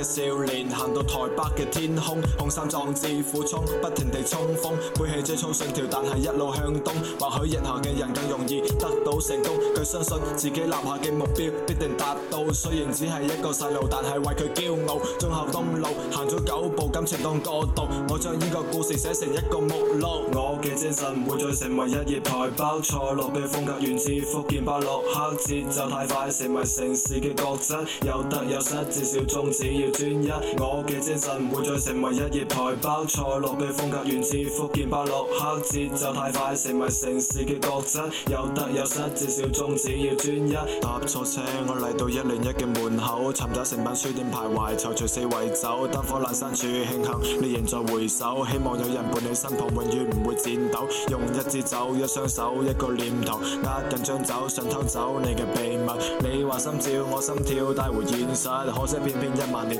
嘅少年行到台北嘅天空，雄心壯志苦衝，不停地衝鋒，背棄最初信條，但係一路向東。或許日行嘅人更容易得到成功，佢相信自己立下嘅目標必定達到。雖然只係一個細路，但係為佢驕傲。忠孝東路行咗九步，感情當角度，我將呢個故事寫成一個目錄。我嘅精神唔會再成為一頁台北錯落嘅風格，源自福建巴洛克，節奏太快，成為城市嘅角質，有得有失，至少終止。要專一，我嘅精神唔會再成為一夜台包菜落嘅風格，源自福建巴洛克，節奏太快，成為城市嘅國質，有得有失，至少宗旨要專一。搭錯車，我嚟到一零一嘅門口，尋找誠品書店徘徊，徊隨隨四圍走，燈火闌珊處，慶幸你仍在回首，希望有人伴你身旁，永遠唔會戰鬥。用一支酒，一雙手，一個念頭，握緊樽酒想偷走你嘅秘密。你話心照，我心跳帶回現實，可惜偏偏一萬年。